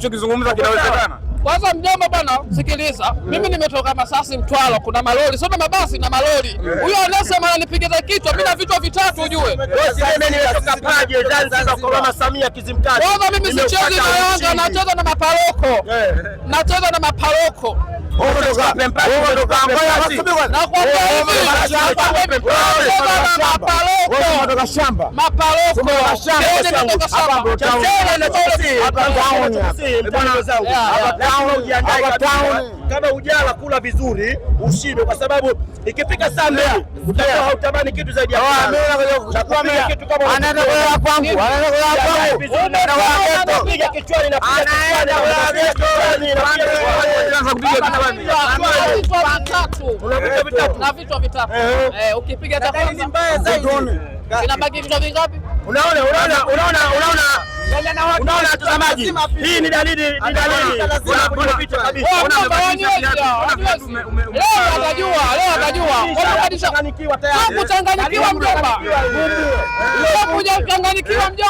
ulichokizungumza kinawezekana? Kwanza mjomba bwana, sikiliza Mimi nimetoka Masasi Mtwara, kuna malori sio na mabasi na malori. Eh. Huyo anasema ananipigiza kichwa, mimi na vichwa vitatu ujue. Kwanza mimi sichezi na Yanga, nacheza na maparoko, eh. nacheza na maparoko na maparoko kutoka shamba maparoko kama ujala kula vizuri ushinde, kwa sababu ikifika Sunday utakuwa hautamani kitu zaidi ya vitatu. Eh, eh. Eh, ukipiga vitatu ni mbaya zaidi. Zinabaki vitu vingapi? Unaona, unaona, unaona, unaona yaani Unaona hii ni dalili ni dalili. Leo atajua, leo atajua kuchanganyikiwa Mjomba, kuchanganyikiwa Mjomba.